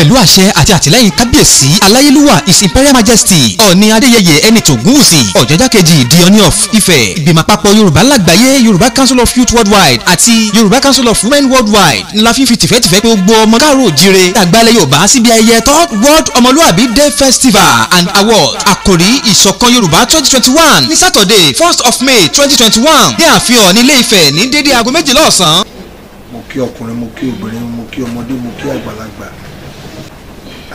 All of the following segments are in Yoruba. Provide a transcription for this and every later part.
pẹ̀lú àṣẹ àti àtìlẹ́yìn kábíyèsí aláyélúwà is imperial majesty ọ̀ọ̀ni adéyẹyẹ ẹni tògúnwùsì ọ̀jọ́jà kejì the Ọọ̀ni of ife. ìgbìmọ̀ àpapọ̀ yorùbá lágbàáyé yorùbá council of youth worldwide àti yorùbá council of women worldwide ńlá fífi tìfẹ́tìfẹ́ pé gbogbo ọmọ káàró òjire àgbálẹ̀ yorùbá síbi ayẹyẹ third world ọmọlúwàbí day festival and award àkòrí ìṣọ̀kan yorùbá twenty twenty one ní saturday first of may twenty twenty one ní àfihàn nílé Ifẹ̀ ní déédéé aago méjìlá ọ̀sán. mo kí ọkùnrin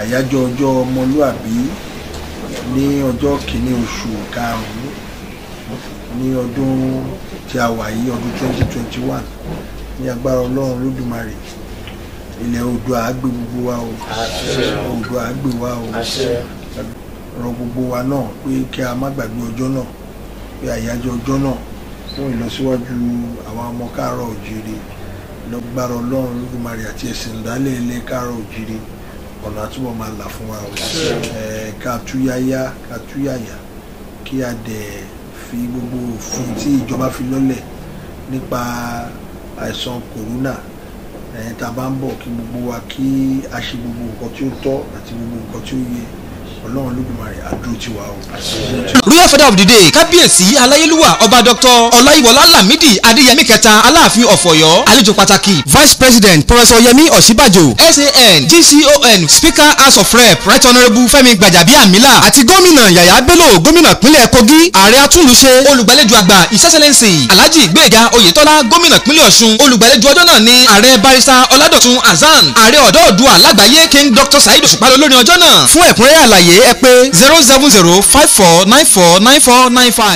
àyájọ́ ọjọ́ ọmọlúàbí ní ọjọ́ kìíní oṣù karùn-ún ní ọdún tí a wà yìí ọdún 2021 ní agbára ọlọ́run lódùmarè ilẹ̀ oòdùà gbé gbogbo wa o oòdùà á gbé wa o rọ̀ gbogbo wa náà pé kí a má gbàgbé ọjọ́ náà pé àyájọ́ ọjọ́ náà fún ìlọsíwájú àwọn ọmọ káàárọ̀ oòjíire lọ́gbára ọlọ́run lódùmarè àti ẹ̀sìn ìdálẹ̀ ilẹ̀ káàárọ̀ oòjíire ọ̀nà àtúbọ̀ máa là fún wa o ká túyáyá ká túyàyà kí a dẹ̀ fi gbogbo òfin tí ìjọba fi lọ́lẹ̀ nípa àìsàn kòrónà tá a bá ń bọ̀ kí gbogbo wa kí a ṣe gbogbo nǹkan tí ó tọ́ àti gbogbo nǹkan tí ó yẹ ọlọ́run lódùmarè àdúró o. royal father of the day kábíyèsí aláyélúwà ọba dr ọláyíwọlá lámìdí adéyẹmí kẹta aláàfin ọ̀fọ̀yọ́ àlejò pàtàkì vice president professor yemi ọ̀sínbàjò san gcon speaker house of rep right honourable fẹ́mi gbàjàbíàmílà àti gómìnà yàyà bello gómìnà pínlẹ̀ kogi ààrẹ atúnlùṣe olùgbàlejò àgbà ìsẹ́sẹ́lẹ́nsì alhaji gbẹ̀gà oyetola gómìnà pínlẹ̀ ọ̀ṣun olùgbàlejò ọjọ́ náà ni ààrẹ barrister ọládọ̀tun hasan ààrẹ ọ̀dọ́ ọ̀dùà lágbàáyé king dr saheed òṣùpá lórí ọjọ́ náà fún àlàyé ẹ pé zero seven zero five four nine four nine four nine five.